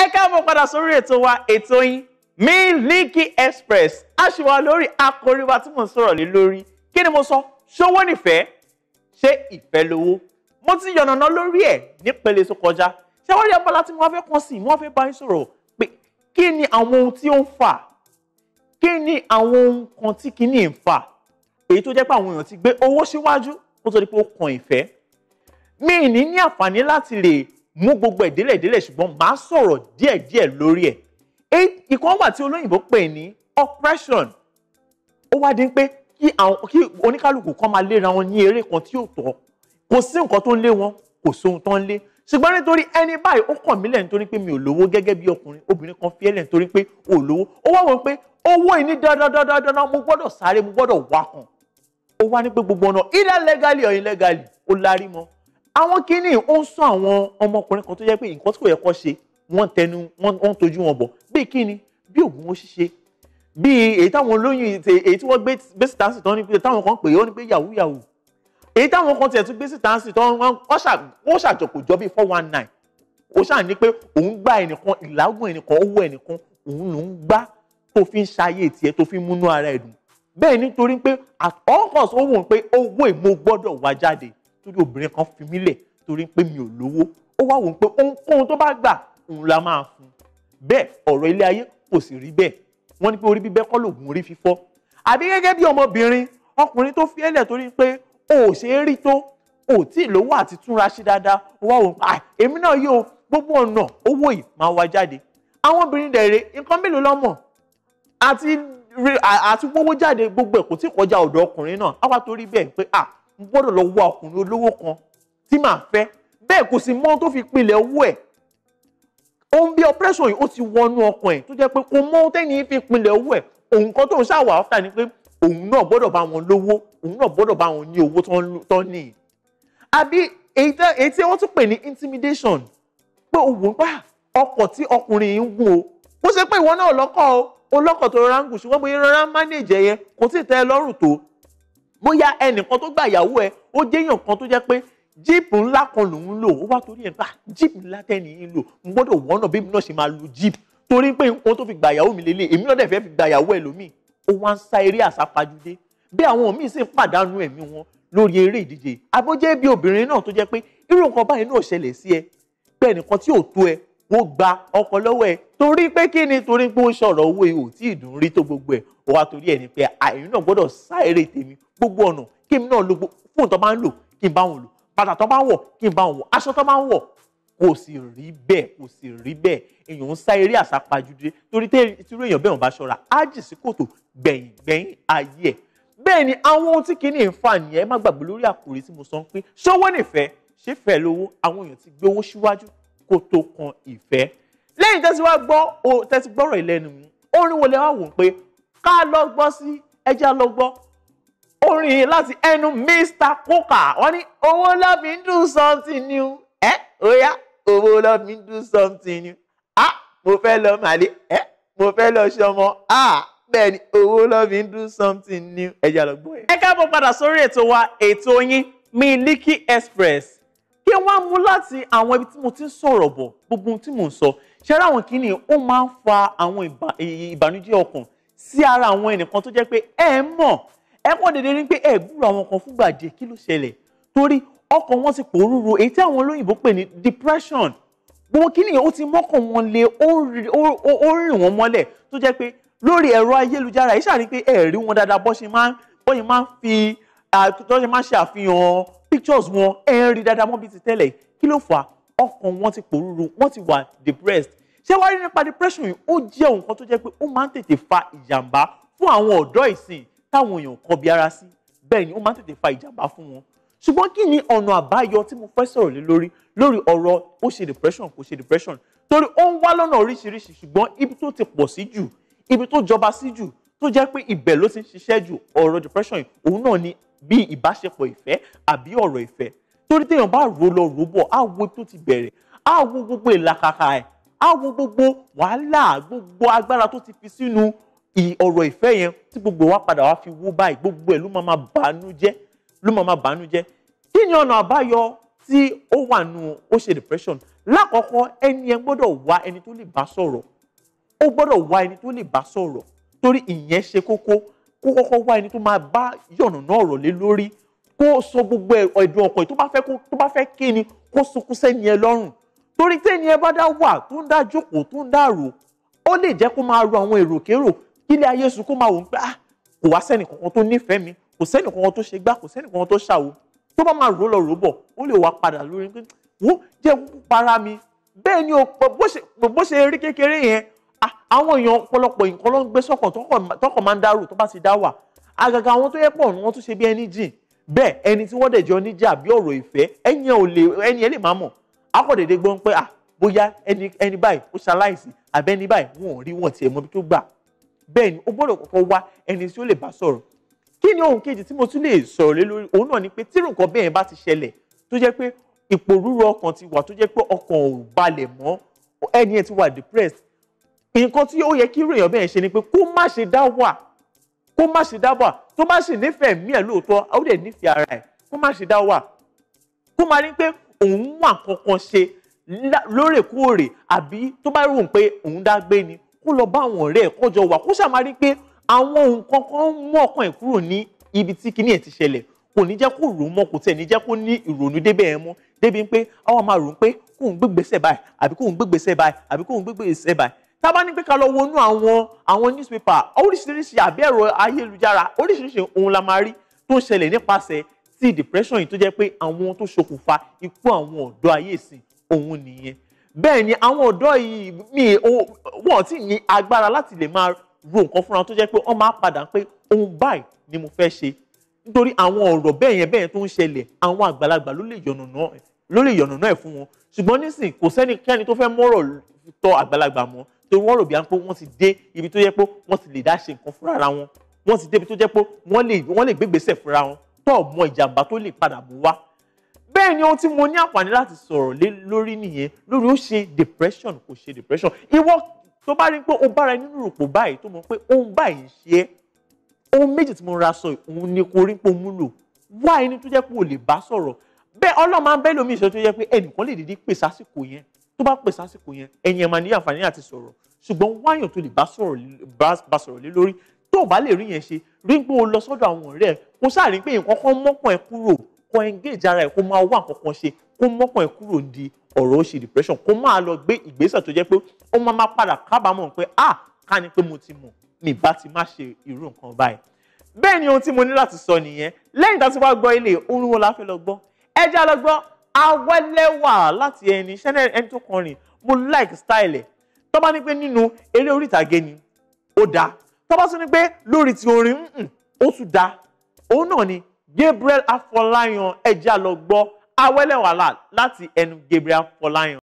ẹ káàbọ̀ padà sórí ètò wa ètò yín Miliki Express a ṣì wà lórí àkòrí wa tí mo ń sọ̀rọ̀ lé lórí kí ni mo sọ ṣówó nífẹ̀ẹ́ ṣé ìfẹ́ lówó mo ti yànnàná lórí ẹ̀ nípele tó kọjá ṣé abala tí wọ́n fẹ́ kàn sí wọ́n fẹ́ bá yín sọ̀rọ̀ pé kí ni àwọn ohun tí ó ń fà kí ni àwọn ohun kan tí kìíní ń fà èyí tó jẹ́ pé àwọn èèyàn ti gbé owó síwájú kó tó di pé ó kan ìfẹ́ mi ì ní ní àǹfààní láti lè mú gbogbo ẹ̀ délẹ̀ délẹ̀ ṣùgbọ́n màá sọ̀rọ̀ díẹ̀díẹ̀ lórí ẹ̀ ìkan wà tí olóyìnbó pè ní oppression ó wá di pé kí àwọn kí oníkálukú kan máa léra wọn ní eré kan tí ò tọ́ kò sí nǹkan tó ń lé wọn kò sóhun tó ń lé ṣùgbọ́n nítorí ẹni báyìí ó kàn mí lẹ́yìn torí pé mi ò lówó gẹ́gẹ́ bí ọkùnrin obìnrin kan fi ẹlẹ́yìn torí pé ò lówó ó wá wọ pé owó ìní dandandandandan mo gbọ́dọ̀ sáré mo gbọ́dọ̀ wá kan ó wá ní pé gbogbo ọ̀nà either legally or illegally ó lárí mọ́ àwọn kínní ó ń sọ àwọn ọmọkùnrin kan tó jẹ́ pé nǹkan tí kò yẹ kó ṣe wọ́n tẹnu wọ́n tojú wọn bọ̀ bí kínní bí oògùn ó ṣiṣe bí èyí táwọn olóyún èyí tí wọ́n gbé síta sí tán ní pé táwọn kan pè é ó ní pé yahoo yahoo èyí táwọn kan tiẹ̀ tún gbé síta sí tán wọ́n ṣàjọkòjọ́ bíi four one nine ó ṣáà ní pé òun gba ẹnìkan ìlágùn ẹnìkan owó ẹnìkan òun ló ń gbá tó fi ń ṣayé tiẹ̀ tó fi ń múnú ara ẹ̀dùn bẹ́ẹ̀ nítorí pé at all cost ó wù ú pé owó ìmú gbọ́dọ̀ wá jáde torí obìnrin kan fi mí lẹ̀ torí pé mi ò lówó ó wá wò ó pé ohunkóhun tó bá gbà òun la máa fún un bẹ́ẹ̀ ọ̀rọ̀ ilé ayé kò sì rí bẹ́ẹ̀ wọ́n ní pé orí bíbẹ́ kọ́ lògùn orí fífọ́ àbí gẹ́gẹ́ bí ọmọbìnrin ọkùnrin tó fi ẹlẹ̀ torí pé o ò ṣe é rí tó o ò tí ì lówó àti túnra ṣe dáadáa ó wá wò ó pé èmi náà yóò gbogbo ọ̀nà owó yìí máa wá jáde àwọn obìnrin dẹ̀rẹ̀ nǹkan mélòó lọ́mọ̀ àti àti gbówó jáde gbogbo ẹ̀ kò tí ì kọjá ọ̀dọ̀ ọkùnrin náà á wá torí bẹ́ẹ̀ pé ah mo gbọ́dọ̀ lọ wá ọkùnrin olówó kan tí màá fẹ́ bẹ́ẹ̀ kò sì mọ́ tó fi pilẹ̀ owó ẹ̀ òun bí operation yìí ó ti wọnú ọkàn ẹ̀ tó jẹ́ pé kò mọ́ tẹ́ni fi pilẹ̀ owó ẹ̀ òun kan tó ń ṣàwà áfà ni pé òun náà gbọ́dọ̀ bá wọn lówó òun náà gbọ́dọ̀ bá wọn ní owó tán ní àbí èyí tí wọ́n tún pè ní intimidation pé òun pa ọkọ̀ tí ọkùnrin yìí ń gùn o kó ṣe pé ìwọ náà lọ́kọ̀ o olọ́kọ̀ tó rọra ń gùn ṣùgbọ́n bóyá rọra ń mánéèjì ẹ̀yẹ kò tí ì tẹ́ ẹ lọ́rùn tó bóyá ẹnìkan tó gba ìyàwó ẹ ó jẹ́yàn kan tó jẹ́ pé jíìpù ńlá kan lòún lò ó wá torí ẹ̀ ń pa ah, jíìpù ńlá tẹ́ni yín lò ń gbọ́dọ̀ wọ́nà bí mi náà ṣe máa lo jíìpù torí pé nǹkan tó fi gba ìyàwó mi lélẹ̀ èmi náà dẹ̀ fẹ́ fi gba ìyàwó ẹ lómi ó wá ń sa eré àsápajúdé bí àwọn míì sì ń pàdánù ẹ̀mí wọn lórí eré ìdíje àbójẹ́ bí obìnrin náà tó jẹ́ pé irú nǹkan báyìí náà ṣẹlẹ̀ sí ẹ pé ẹnìkan tí ò tó ẹ wọ́n gba ọkọ̀ lọ́wọ́ ẹ̀ torí pé kí ni torí pé ó sọ̀rọ̀ owó ihò tí ìdùn rí tó gbogbo ẹ̀ ó wá torí ẹ̀ ní pé àìrí náà gbọ́dọ̀ sá eré tèmi gbogbo ọ̀nà kí n náà lo fóònù tó bá ń lò kí n bá wọn lò bàtà tó bá ń wọ̀ kí n bá wọn wọ̀ aṣọ tó bá ń wọ̀ kò sì rí bẹ́ẹ̀ kò sì rí bẹ́ẹ̀ èèyàn ń sá eré àsápajúdé torí tírú èèyàn bẹ́ẹ̀ wọn bá ṣọ́ra á jì sí kòtò gbẹ̀yìn gbẹ̀yìn ayé ẹ̀ bẹ́ẹ̀ ni àwọn ohun tí kìíní ń fà nìyẹn má kó tó kan ìfẹ́ lẹ́yìn tẹ́sí wá gbọ́ tẹ́sí gbọ́rọ̀ ìlẹ́nu orin wo lẹ wá wò pé ká lọ gbọ́ sí ẹja lọ gbọ́ orin láti ẹnu Mr Coker wọ́n ní owó love me do something new ẹ oya owó love me do something new ah mo fẹ́ lọ màlẹ́ ẹ mo fẹ́ lọ ṣọmọ ah bẹ́ẹ̀ ni owó love me do something new ẹja lọ gbọ́ ẹ. ẹ káàbọ̀ padà sórí ètò wa ètò yín Miliki Express kí ẹ wá mú láti àwọn ibi tí mo ti ń sọ̀rọ̀ bọ̀ gbogbo ohun tí mò ń sọ ṣẹ́rẹ́ àwọn kìíní ó máa ń fa àwọn ìbànújẹ́ ọkàn sí ara àwọn ẹnìkan tó jẹ́ pé ẹ mọ̀ ẹ kàn déédéé ní pé ẹ gbúrò àwọn kan fúngbà díẹ̀ kí ló ṣẹlẹ̀ torí ọkàn wọn ti pòrúru èyí tí àwọn olóyìnbó pè ní depression gbogbo kìíní ó ti mọ́kàn wọn lé ó rìn wọn mọ́lẹ̀ tó jẹ́ pé lórí ẹ̀rọ ayélujára yìí ṣàrí pé ẹ rí wọn dáadáa bó ṣe máa ń fi pictures wọn ẹ ń rí dáadáa mọ́ bí ti tẹ́lẹ̀ kí ló fà á ọkàn wọn ti pòrúru wọn ti wà depressed ṣé wàá rí nípa depression yìí ó jẹ́ nǹkan tó jẹ́ pé ó máa ń tètè fa ìjàmbá fún àwọn ọ̀dọ́ ìsìn táwọn èèyàn kọbi ara sí bẹ́ẹ̀ ni ó máa ń tètè fa ìjàmbá fún wọn ṣùgbọ́n kí ni ọ̀nà àbáyọ tí mo fẹ́ sọ̀rọ̀ lé lórí lórí ọ̀rọ̀ ó ṣe depression kò ṣe depression torí ó ń wá lọ́nà oríṣiríṣi ṣùgbọ́n ibi tó ti pọ̀ sí jù ibi tó jọba sí jù tó jẹ́ pé ibẹ̀ ló ti ń ṣiṣẹ́ jù ọ̀rọ̀ depression yìí òun náà ni bíi ìbáṣepọ̀ ìfẹ́ àbí ọ̀rọ̀ ìfẹ́ torí téèyàn bá rò lọ rò bọ̀ á wo tó ti bẹ̀rẹ̀ á wo gbogbo ìlàkàkà ẹ̀ á wo gbogbo wàhálà gbogbo agbára tó ti fi sínú ọ̀rọ̀ ìfẹ́ yẹn tí gbogbo wa padà wá fi wó báyìí gbogbo ẹ̀ ló máa máa jẹ́ ló máa máa jẹ́ kí ni ọ̀nà àbáyọ tí ó wà nù ó ṣe depression lákọ̀ọ́kọ́ ẹni ẹ gbọ́dọ̀ wá ẹni tó lè bá sọ̀rọ̀ ó gbọ́dọ̀ wá ẹni tó lè bá sọ̀rọ̀ torí ìyẹn ṣe kókó kó kọ́kọ́ wá ẹni tó máa bá yọ̀nàná ọ̀rọ̀ lé lórí kó sọ gbogbo ẹ̀dùn ọkàn tó bá fẹ́ tó bá fẹ́ kí ni kó sunkún sẹ́ni ẹ lọ́rùn torí tẹ́ni ẹ bá dá wà tó ń dá jókòó tó ń dá rò ó lè jẹ́ kó máa ro àwọn èròkérò kílé ayé sùn kó máa wò ó pé ah kò wá sẹ́ni kankan tó nífẹ̀ẹ́ mi kò sẹ́ni kankan tó ṣe gbá kò sẹ́ni kankan tó ṣàwò tó bá máa rò lọ rò bọ̀ ó lè wá padà lórí pé wò jẹ́ para mi bẹ́ẹ̀ ni bó ṣe rí kékeré yẹn Ah, àwọn èèyàn ọ̀pọ̀lọpọ̀ nǹkan ló ń gbé sọ́kàn tọkọ̀ máa ń dárò tó bá ti dá wà àgàgà àwọn tó yẹ pọ̀ wọ́n tún ṣe bí ẹni jìn bẹ́ẹ̀ ẹni tí wọ́n dẹ̀ jọ níjà bí ọ̀rọ̀ ìfẹ́ ẹni ẹ̀ ò lè ẹni ẹ̀ lè má mọ̀ akọ̀dẹ̀dẹ̀ gbọ́n pé à ah, bóyá ẹni ẹni báyìí ó ṣaláìsí àbẹ́ ẹni báyìí wọn ò rí wọn tiẹ̀ mọ́bi tó gbà bẹ́ẹ̀ ni ó gbọ́dọ̀ kọ́kọ́ wá ẹni tí ó lè bá sọ̀rọ̀ kí ni ohun kejì tí mo tún lè sọ̀rọ̀ lé nǹkan tí ó yẹ kí irú èèyàn bẹ́ẹ̀ ṣe ni pé kó má ṣe dá wà kó má ṣe dá wà tó bá sì nífẹ̀ẹ́ mí ẹ̀ lóòótọ́ ó dẹ̀ nífẹ̀ẹ́ ara ẹ̀ kó má ṣe dá wà kó má ní pé òun wà kankan ṣe lóòrèkóòrè àbí tó bá rò pé òun dá ni kó lọ bá àwọn ọ̀rẹ́ ẹ̀ kọjọ wà kó ṣàmá rí pé àwọn nǹkan kan mú ọkàn ẹ̀ kúrò ní ibi tí kinní ẹ̀ ti ṣẹlẹ̀ kò ní jẹ́ kó rò mọ́ kò tẹ̀ ní jẹ́ kó ní ìrònú débẹ̀ ẹ̀ mọ́ débi pé àwọn máa rò pé kóun gbégbèsè báyìí àbí kóun gbégbèsè báyìí àbí kóun gbégbèsè báyìí tá a bá ní pé ká lọ wọnú àwọn àwọn newspaper oríṣiríṣi àbí ẹ̀rọ ayélujára oríṣiríṣi ohun la máa rí tó ń ṣẹlẹ̀ nípasẹ̀ tí depression yìí tó jẹ́ pé àwọn tó ṣokùnfà ikú àwọn ọ̀dọ́ ayé ìsìn òun nìyẹn bẹ́ẹ̀ ni àwọn ọ̀dọ́ yìí mi wọ́n ti ní agbára láti lè máa ro nǹkan fúnra tó jẹ́ pé wọ́n máa padà pé ohun báyìí ni mo fẹ́ ṣe nítorí àwọn ọ̀rọ̀ bẹ́ẹ̀ yẹn bẹ́ẹ̀ tó ń ṣẹlẹ̀ àwọn àgbàlagbà ló lè yànnàná ẹ̀ fún wọn ṣùgbọ́n nísìn kò sẹ́nikẹ́ni tó fẹ́ mọ́rọ̀ tọ àgbàlagbà mọ́ torí wọ́n rò bí i pé wọ́n ti dé ibi tó yẹ pé wọ́n ti lè dá ṣe nǹkan fúnra ara wọn wọ́n ti dé ibi tó jẹ́ pé wọ́n lè wọ́n lè gbégbèsè fúnra wọn tó mọ ìjàmbá tó lè padà mú wá. bẹ́ẹ̀ ni ohun tí mo ní àǹfààní láti sọ̀rọ̀ lé lórí nìyẹn lórí ó ṣe depression kò ṣe depression ìwọ tó bá rí pé o bára nínú ròpò báyìí tó mọ̀ pé ohun báyìí ń ṣe é ohun méjì tí mo ra sọ òun ni kò rí pé o múlò wá ẹni tó jẹ́ pé o lè bá sọ̀rọ̀ bẹ́ẹ̀ ọlọ́run máa ń bẹ́ẹ̀ lómi ìṣẹ́ tó jẹ́ pé ẹnìkan lè dédé pèsè àsìkò yẹn tó bá pèsè àsìkò yẹn ẹ̀yin ẹ̀ máa ní àǹfààní àti sọ̀rọ̀ ṣùgbọ́n wáyàn tó lè bá sọ̀rọ̀ lé lórí tó bá lè rí yẹn ṣe rí pé o lọ sọ́dọ̀ àwọn ọ̀rẹ́ ẹ̀ kó sáàrí pé nǹkan kan mọ́kàn ẹ̀ kúrò kó engage ara ẹ̀ kó máa wá nǹkan kan ṣe kó mọ́kàn ẹ̀ kúrò di ọ̀rọ̀ ó ṣe depression kó máa lọ gbé ìgbésẹ̀ tó jẹ́ pé ó máa máa padà kábàámọ̀ pé ah ká ní pé mo ti mọ̀ mi bá ti má ṣe irú nǹkan báyìí bẹ́ẹ̀ ni ohun tí mo ní láti sọ nìyẹn lẹ́yìn tá a ti wá gbọ́ ilé orin wo la fẹ́ lọ gbọ́ ẹ já lọ gbọ́ awẹ́lẹ́wà láti ẹni ṣẹ́nẹ́ ẹni tó kọrin mo like style ẹ̀ tó bá ní pé nínú eré orí ìtàgé ni ó dáa tó bá tún ní pé lórí ti orin ó tún dáa òun náà ni Gabriel Afọláyan ẹja lọ gbọ́ awẹ́lẹ́wà láti ẹnu Gabriel Afọláyan.